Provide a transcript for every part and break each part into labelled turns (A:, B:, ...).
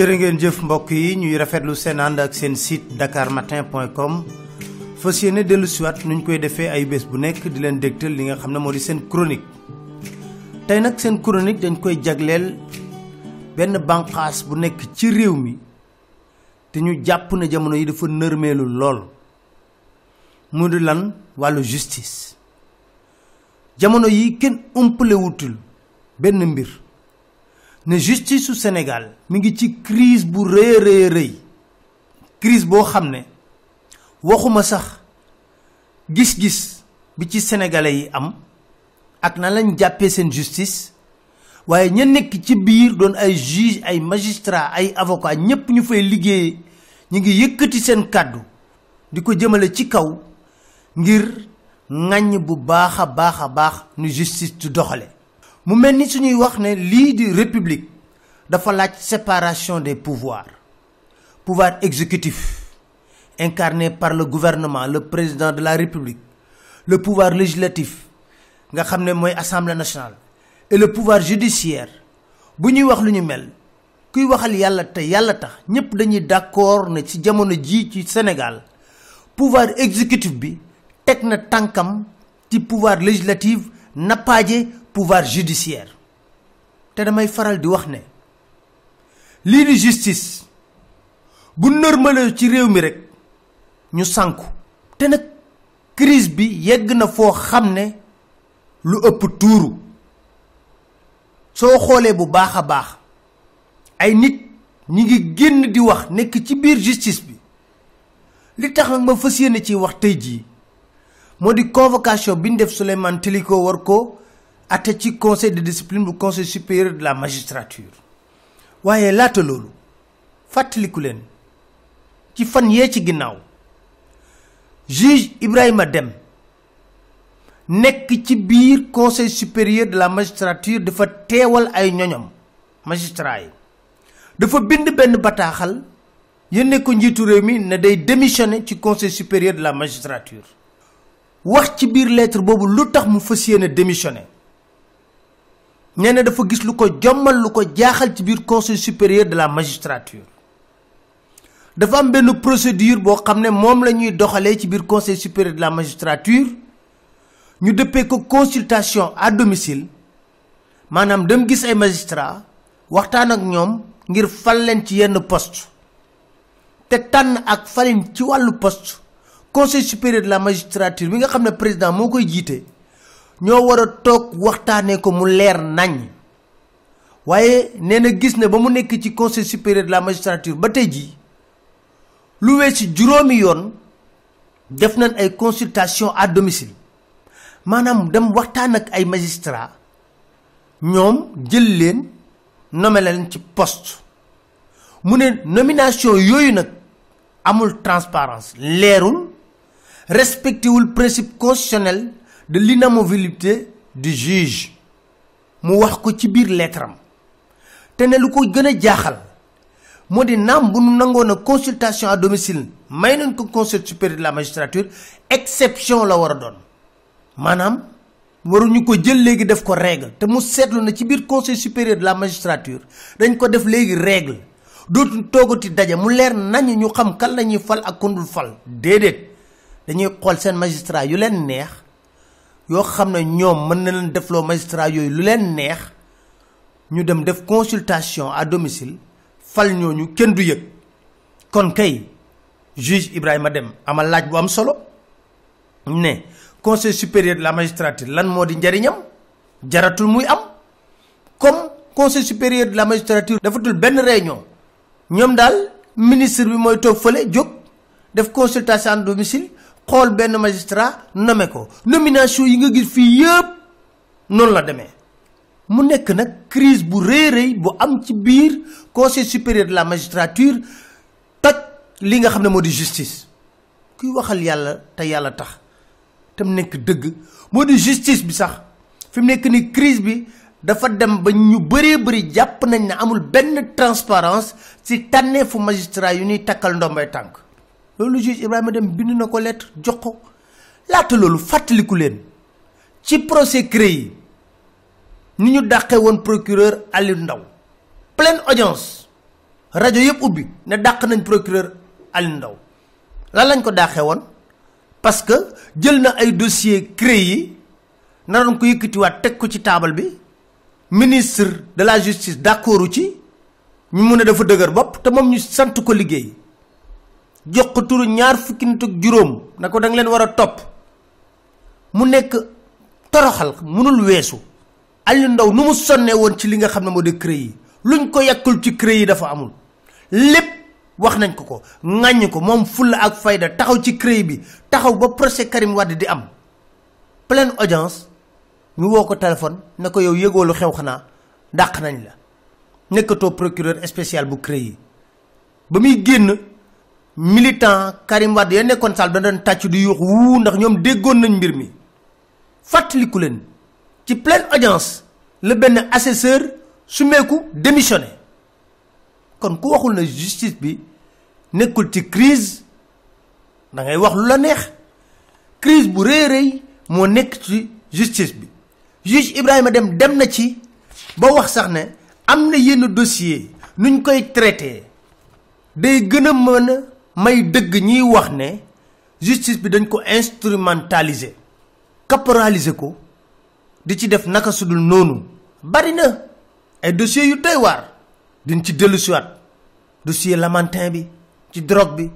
A: jërë ngeen jëf mbokk yi ñuy rafetlu seen ànd ak seen site dakarmatin.com fas yéene dellu siwaat nuñ koy defee ay bés bu nekk di leen dégtal li nga xam ne moo di seen chronique tey nag seen chronique dañ koy jagleel benn banqaas bu nekk ci réew mi te ñu jàpp ne jamono yi dafa nërmeelu lool mu di lan wàllu justice jamono yi kenn umpalewutul benn mbir ne justice su Sénégal mi ngi ci crise bu rëy rëy rëy crise boo xam ne waxuma sax gis-gis bi ci sénégalais yi am ak na lañ jàppee seen justice waaye ña nekk ci biir doon ay juge ay magistrat ay avocat ñépp ñu fay liggéeye ñu ngi yëkkati seen kàddu di ko jëmale ci kaw ngir ŋàññ bu baax a baax a baax nu justice du doxale mu mel ni suñuy wax ne lii di république dafa séparation des pouvoirs pouvoir exécutif incarné par le gouvernement le président de la république le pouvoir législatif nga nationale et le pouvoir judiciaire bu wax mel kuy d'accord ne ci Sénégal pouvoir exécutif bi na tànkam pouvoir législatif pouvar judiciaire te damay faral di wax ne lii di justice bu normale ci réew mi rek ñu sànku te nag crise bi yegg na foo xam ne lu ëpp tuuru soo xoolee bu baax a baax ay nit ñi ngi génn di wax nekk ci biir justice bi li tax nag ma fas yéene ci wax tey jii moo di convocation bi ñu def Souleymane Teliko war ko à ci conseil de discipline bu conseil supérieur de la magistrature waaye laata loolu fàttaliku leen ci fan yee ci ginnaaw juge Ibrahima dem nekk ci biir conseil supérieur de la magistrature dafa teewal ay ñoñom magistrat yi dafa bind benn bataaxal yónnee ko njiitu réew mi ne day démissionner ci conseil supérieur de la magistrature wax ci biir lettre boobu lu tax mu fas démissionner nous avons dafa gis lu ko jommal lu ko conseil supérieur de la magistrature dafa am benn procédure boo xam conseil supérieur de la magistrature ñu dëppee ko consultation à domicile maanaam dem gis ay magistrat waxtaan ak ñoom ngir fal ci yenn poste te poste conseil supérieur de la magistrature mi nga président ñoo war a toog waxtaanee ko mu leer nañ waaye nee na gis na ba mu nekk ci conseil supérieur la magistrature ba tey jii lu weesu juróomi yoon def nañ ay consultation à domicile maanaam dem waxtaan ak ay magistrat ñoom jël leen nommé ci post mu ne nomination yooyu nag amul transparence leerul respecté wul principe constitutionnel de l'inamovibilité du juge mu wax ko ci biir lettre am te ne lu ko gën a jaaxal moo di naam bu nu nangoon a consultation à domicile may nañ ko conseil supérieur de la magistrature exception la war a doon maanaam waruñu ko jël léegi def ko règle te mu seetlu na ci biir conseil supérieur de la magistrature dañ ko def léegi règle dootuñ toogati daje mu leer nañu ñu xam kan la ñuy fal ak kundul fal déedéet dañuy xool seen magistra yu leen neex Yo, xamne ñom ñoom mën na leen defloo magistrat yoy lu leen neex ñu dem def consultation à domicile fal ñooñu kenn du yëg kon kay juge Ibrahima dem amal laaj bu am solo ne conseil supérieur de la magistrature lan moo di njariñam jaratul muy am comme conseil supérieur de la magistrature dafatul ben réunion ñom dal ministre bi moy toog fele jóg def consultation à domicile xool benn magistra nommé ko nomination yi nga gis fii yëpp noonu la demee mu nekk nag crise bu rëy rëy bu am ci biir conseil supérieur de la magistrature toj li nga xam ne moo di justice kuy waxal yàlla te yàlla tax te mu nekk dëgg moo di justice bi sax fi mu nekk ni crise bi dafa dem ba ñu bëree bëri jàpp nañ ne amul benn transparence ci tànneefu magistrat yu ñuy takkal ndombay tànk loolu juge Ibrahima Dème bind na ko lettre jox ko laata loolu fàttaliku leen ci procès CREI yi ni ñu dàqee woon procureur Aliou Ndao pleine audience rajo yëpp ubbi ne dàq nañ procureur Aliou Ndao lan lañ ko dàqee woon parce que jël na ay dossier CREI yi naroon ko yëkkatiwaat teg ko ci taabal bi ministre de la justice d'accordu ci ñu mun a dafa dëgër bopp te moom ñu sant ko liggéey jox ko turu ñaar fukki nit ak juróom na ko nga leen war a topp mu nekk toroxal munul weesu ali ndaw nu mu sonne woon ci li nga xam ne moo di cré yi luñ ko yàkkul ci cré yi dafa amul lépp wax nañ ko ko ŋàññ ko moom fulla ak fayda taxaw ci bi taxaw ba procès karim wadd di am pleine audience ñu woo ko téléphone ne ko yow lu xew xanaa dàq nañ la nekkatoo procureur spécial bu cré yi ba muy génn militant Karim wad ya nekkoon sal da doon tàcc du yuux ndax ñom déggoon nañ mbir mi fàttaliku leen ci pleine audience le ben assesseur suméku démissionné kon ku waxul na justice bi nekkul ci crise da ngay wax lu la neex crise bu rëy rëy moo nekk ci justice bi juge Ibrahima Dem dem na ci ba wax sax ne am na yenn dossier nuñ koy traité day gën a mën a may dëgg ñiy wax ne justice bi dañ ko instrumentaliser caporaliser ko di ci def naka sudul noonu bari na ay dossiers yu doy waar ci dellu siwaat dossier Lamantin bi ci drogue bi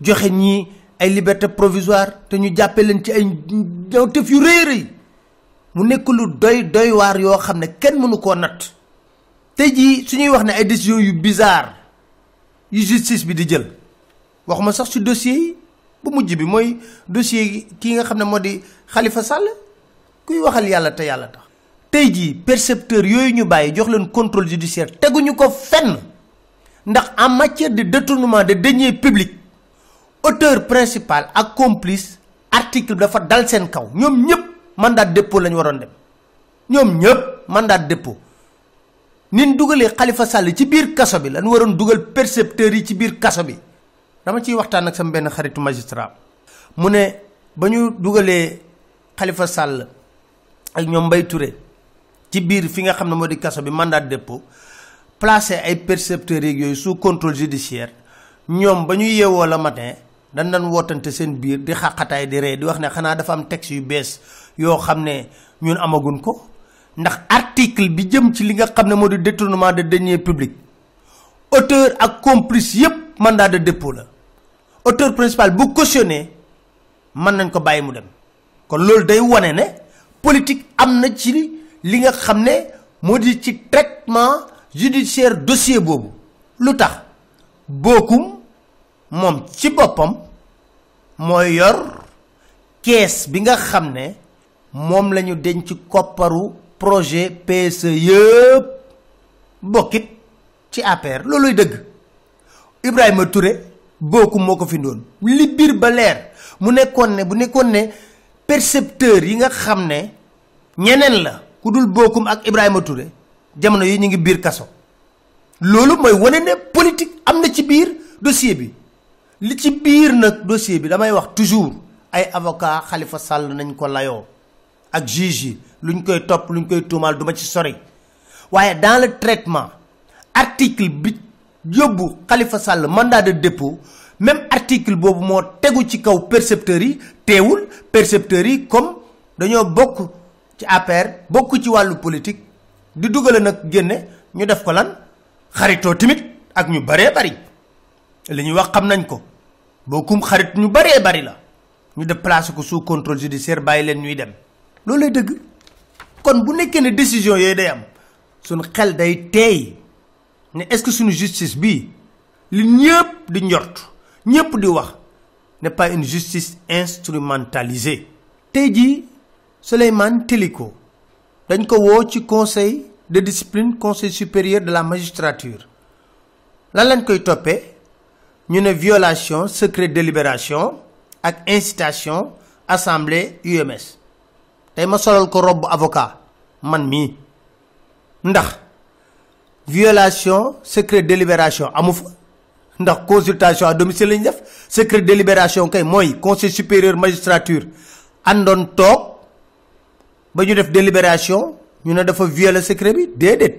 A: joxe ñi ay liberté provisoire te ñu jàppee leen ci ay ñawtef yu rëy rëy mu nekk lu doy doywaar yoo xam ne kenn mënu koo natt te jii su ñuy wax ne ay décisions yu bizarre yu justice bi di jël waxuma sax si dossier bu mujj bi mooy dossier yi kii nga xam ne moo di xalifa Sall kuy waxal yàlla te yàlla tax. tey jii percepteur yooyu ñu bàyyi jox leen contrôle judiciaire teguñu ko fenn ndax en matière de détournement de deniers publics auteur principal ak complice article bi dafa dal seen kaw ñoom ñëpp mandat dépôt la ñu waroon dem ñoom ñëpp mandat dépôt. nin dugalee xalifa Sall ci biir kaso bi lan waroon dugal percepteurs yi ci biir kaso bi dama ciy waxtaan ak sama benn xaritu magistrat mu ne ba ñu dugalee xalifa Sall ak ñoom Mbaye Touré ci biir fi nga xam ne moo di kaso bi mandat de dépôt placé ay percepteurs yeeg yooyu sous contrôle judiciaire ñoom ba ñu yeewoo la matin dañ daan wootante seen biir di xaqataay di ree di wax ne xanaa dafa am texte yu bees yoo xam ne ñun amaguñ ko ndax article bi jëm ci li nga xam ne moo di détournement de deniers publics auteur ak complice yépp mandat de dépôt la auteur principal bu cautionné mën nañ ko bàyyi mu dem kon loolu day wane ne politique am na ci li nga xam ne moo di ci traitement judiciaire dossier boobu lu tax bokkum moom ci boppam mooy yor kees bi nga xam ne moom la ñu denc kopparu projet PSE yëpp c'est ci APR looluy deug Ibrahima Touré bokum moko fi ba ne bu ne percepteur yi nga xam ñenen la kudul bokum ak Ibrahima Touré ngi kaso lolou moy woné politique amna ci dossier bi li ci bir nak dossier bi wax toujours ay avocat Khalifa Sall nañ ko ak juge yi lu luñ koy topp lu luñ koy tuumaal duma ci sori waaye dans le traitement article bi yóbbu xalifa Sall mandat de dépôt même article boobu moo tegu ci kaw percepteurs yi teewul percepteurs yi comme dañoo bokk ci APR bokk ci wàllu politique di dugale nag génne ñu def ko lan xaritoo tamit ak ñu baree bari li ñuy wax xam nañ ko bokkum xarit ñu baree bari la ñu def place ko sous contrôle judiciaire bàyyi leen ñuy dem lolay deug kon bu nekkee ne décision yooyu day am suñu xel day teey ne est-ce que sunu justice bi li ñepp di ñort ñepp di wax n'est pas une justice instrumentalisée tey jii Souleymane Téliko dañ ko wo ci conseil de discipline conseil supérieur de la magistrature lan lañ koy topé ñu violation secret délibération ak incitation assemblée UMS tay ma solal ko robb avocat man mi ndax violation secret délibération amu fa ndax consultation à domicile lañu def secret délibération kay moy conseil supérieur magistrature andon tok ba ñu def délibération ñu ne dafa violer secret bi déedéet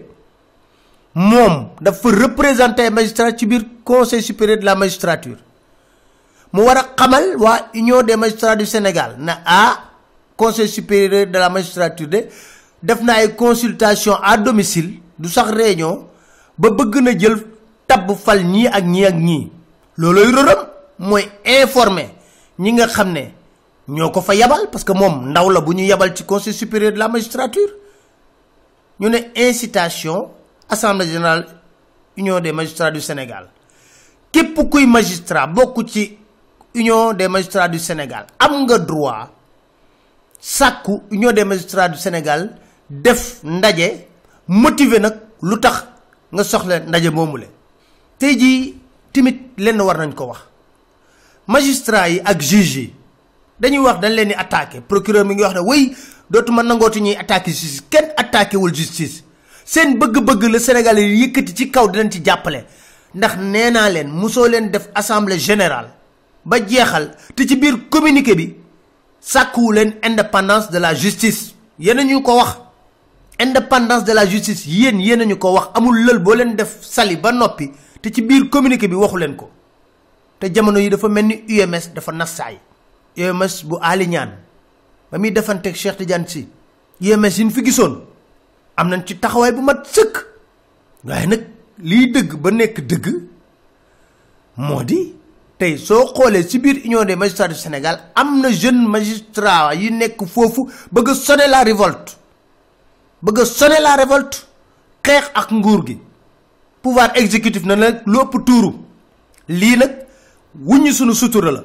A: mom dafa représenter magistrat ci bir conseil supérieur de la magistrature mu wara a xamal union des magistrats du Sénégal na ah conseil supérieur de la magistrature de def na consultation à domicile du sax réunion ba bëgg na jël tab fal ñi ak ñi ak ñi loloy rëram moy informer ñi nga fa yabal parce que mom ndaw la bu ñu yabal ci conseil supérieur de la magistrature ñu une incitation l'Assemblée générale union des magistrats du Sénégal képp kuy magistrat bokku ci union des magistrats du Sénégal am nga droit sàkku ñoo des magistrats du Sénégal def ndaje motiver nag lu tax nga soxla ndaje moomule tey jii timit lenn war nañ ko wax magistrats yi ak juges dañuy wax dañ leen di attaqué procureur mi ngi wax ne wéy dootuma nangooti ñuy attaqué justice kenn attaqué wul justice seen bëgg-bëgg la Sénégal yi yëkkati ci kaw di jàppale ndax nee naa leen mosoo leen def assemblée général ba jeexal te ci biir communiqué bi Sakou len indépendance de la justice yéen ko wax indépendance de la justice y'en yéen ko wax amul leul bo len def sali ba nopi te ci biir communiqué bi ko te jamono yi dafa melni UMS dafa nasay UMS bu Ali ñaan ba muy defanteeg Cheikh Tidiane Sy UMS yi fi gisoon amnañ ci taxaway bu mat ba tey soo xoolee union des magistrats du Sénégal am jeune magistrat yi nekk bëgg la révolte bëgg la révolte xeex ak nguur gi pouvoir exécutif na nag lopp tuuru lii nag suñu sutura la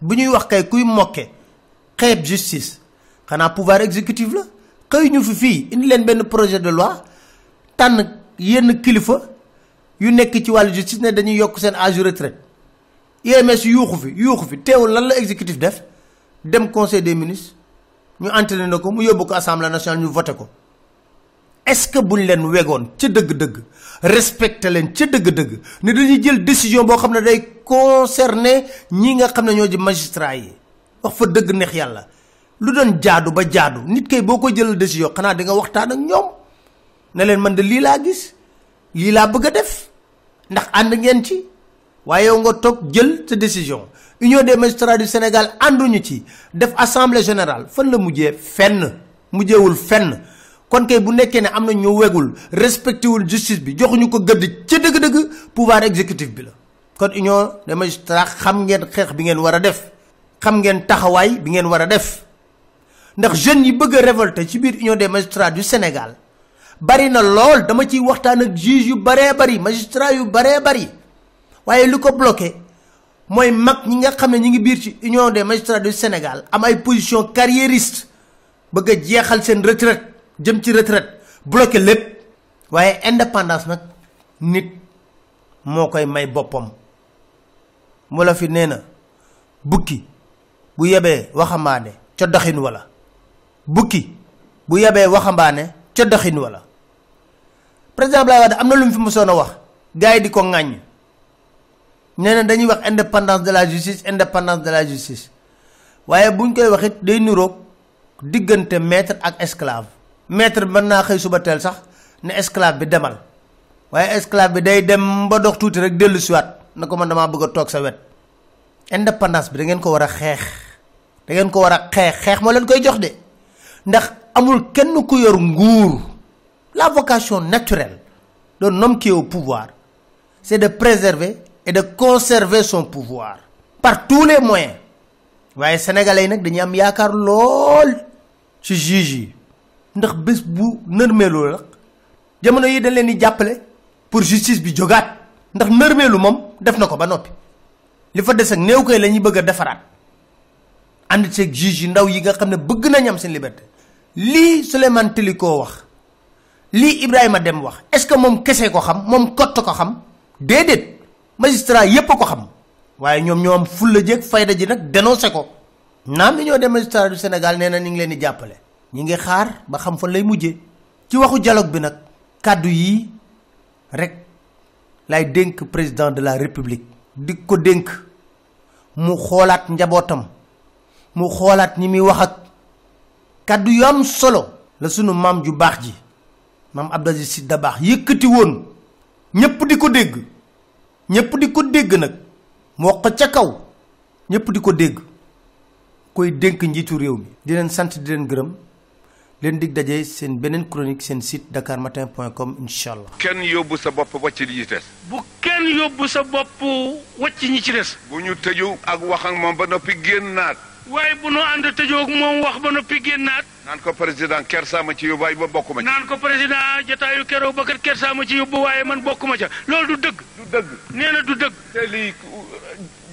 A: bu wax kay kuy mokke justice pouvoir exécutif la xëy ñu fi fii indi projet de loi tànn yenn kilifa yu nekk ci wàllu justice ne dañuy âge de retraite IMS yuuxu fi yuuxu fi teewul lan la exécutif def dem conseil des ministres ñu entraîné na ko mu yóbbu ko assemblée nationale ñu voté ko est-ce que buñ leen wegoon ca dëgg-dëgg respecté leen ca dëgg-dëgg ne dañuy jël décision boo xam ne day concerné ñi nga xam ne ñoo ji magistrat yi fa dëgg neex yàlla lu doon jaadu ba jaadu nit kay boo ko jëlal décision xanaa di nga waxtaan ak ñoom ne leen man de lii laa gis lii laa bëgg a def ndax ànd ngeen ci. waye nga tok jël ci décision union des magistrats du sénégal ànduñu ci def assemblée générale fan la mujjé fenn wul fenn kon kay bu nekké né amna ñu wégul respecté wul justice bi joxuñu ko gëdd ci dëgg-dëgg pouvoir exécutif bi la kon union des magistrats xam ngeen xex bi ngeen wara def xam ngeen taxaway bi ngeen wara def ndax jeune yi bëgg révolter ci biir union des magistrats du sénégal bari na lool dama ci waxtaan ak juge yu bari magistrat yu baree bari waye luko bloqué moy mag ñi nga xamné ñi ngi biir ci union des magistrats du sénégal am ay position carriériste bëgg jéxal sen retraite jëm ci retraite bloqué lepp waye indépendance nak nit mo koy may bopom, mu la fi néna be, bukki bu yebee waxambaane ci doxin wala bukki bu yebee waxambaane ci doxin wala président blay wade lu fi mësona wax gaay di ko ngagne Nous avons dañuy wax de la justice indépendance de la justice waaye buñ koy day maître ak esclave maître mën sax esclave bi demal waaye esclave bi day dem ba dox rek man bëgg sa indépendance bi da ngeen ko da ngeen ko de ndax amul kenn ku yor la vocation naturelle d'un homme qui est au pouvoir c'est de préserver et de conserver son pouvoir par tous les moyens waaye sénégalais yi nag dañuy am yaakaar lool ci juge yi ndax bés bu nërmeelu la jamono yi dañ leen di jàppale pour justice bi jogat ndax nërmeelu moom def na ko ba noppi li fa des ak néew koy la ñuy bëgg a defaraat ànd ceeg juge li ndaw yi nga xam ne bëgg nañ am seen liberté lii Souleymane Teliko wax lii Ibrahima Dem wax est ce que ko xam kott ko xam magistrat yépp ko xam waaye ñoom ñoom fulla jeeg fayda ji nag dénoncé ko naam ni ñoo dem magistrat du sénégal nee na ñu ngi leen di jàppale ñi ngi xaar ba xam fa lay mujjee ci waxu dialogue bi nag kàddu yi rek lay dénk président de la république di ko dénk mu xoolaat njabootam mu xoolaat wax ak kàddu yu am solo la sunu mam ju baax ji mam abdaziz si da baax yëkkati woon ñépp di ko dégg ñépp di ko dégg nag moo ca kaw ñépp di ko dégg koy dénk njiitu réew mi di leen sant di leen gërëm leen dig dajee seen beneen chronique seen site dakarmatin.com incha allah.
B: kenn yóbbu sa bopp wàcc li ci des. bu kenn yóbbu sa bopp wàcc ñi ci des. bu ñu tëju ak wax ak moom ba noppi génnaat. waaye bu nu ànd joog moom wax ba noppi naat naan ko président ker kersaama ci yóbbu waaye ba bokk ma ci. naan ko président jataayu keroog ba kat kersaama ci yóbbu waaye man bokk ma ca loolu du dëgg. du dëgg nee na du dëgg. te lii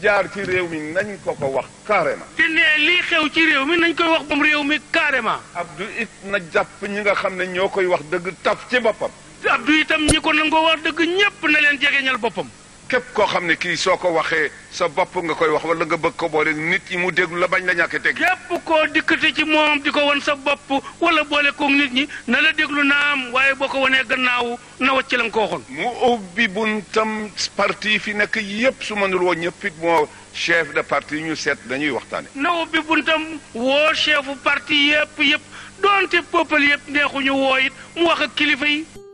B: jaar ci réew mi nañ ko ko wax carrément. te nee lii xew ci réew mi nañ koy wax moom réew mi carrément. Abdou it na jàpp ñi nga xam ne ñoo koy wax dëgg taf ci boppam. Abdou itam ñi ko nangoo wax dëgg ñëpp na leen jegeñal boppam. képp koo xam ne kii soo ko waxee sa bopp nga koy wax wala nga bëgg ko boole nit ñi mu déglu la bañ la ñàkk dégg képp koo dikkati ci moom di ko wan sa bopp wala boole koog nit ñi na la déglu naam waaye boo ko wanee gannaaw na wacc la nga ko waxoon mu ubbi buntam parti fi nekk yépp su mënul woo ñëpp it moo chef de parti ñu seet dañuy waxtaane na ubbi buntam woo chefu parti yépp yépp doonte peuple yépp neexuñu woo it mu wax ak kilifa yi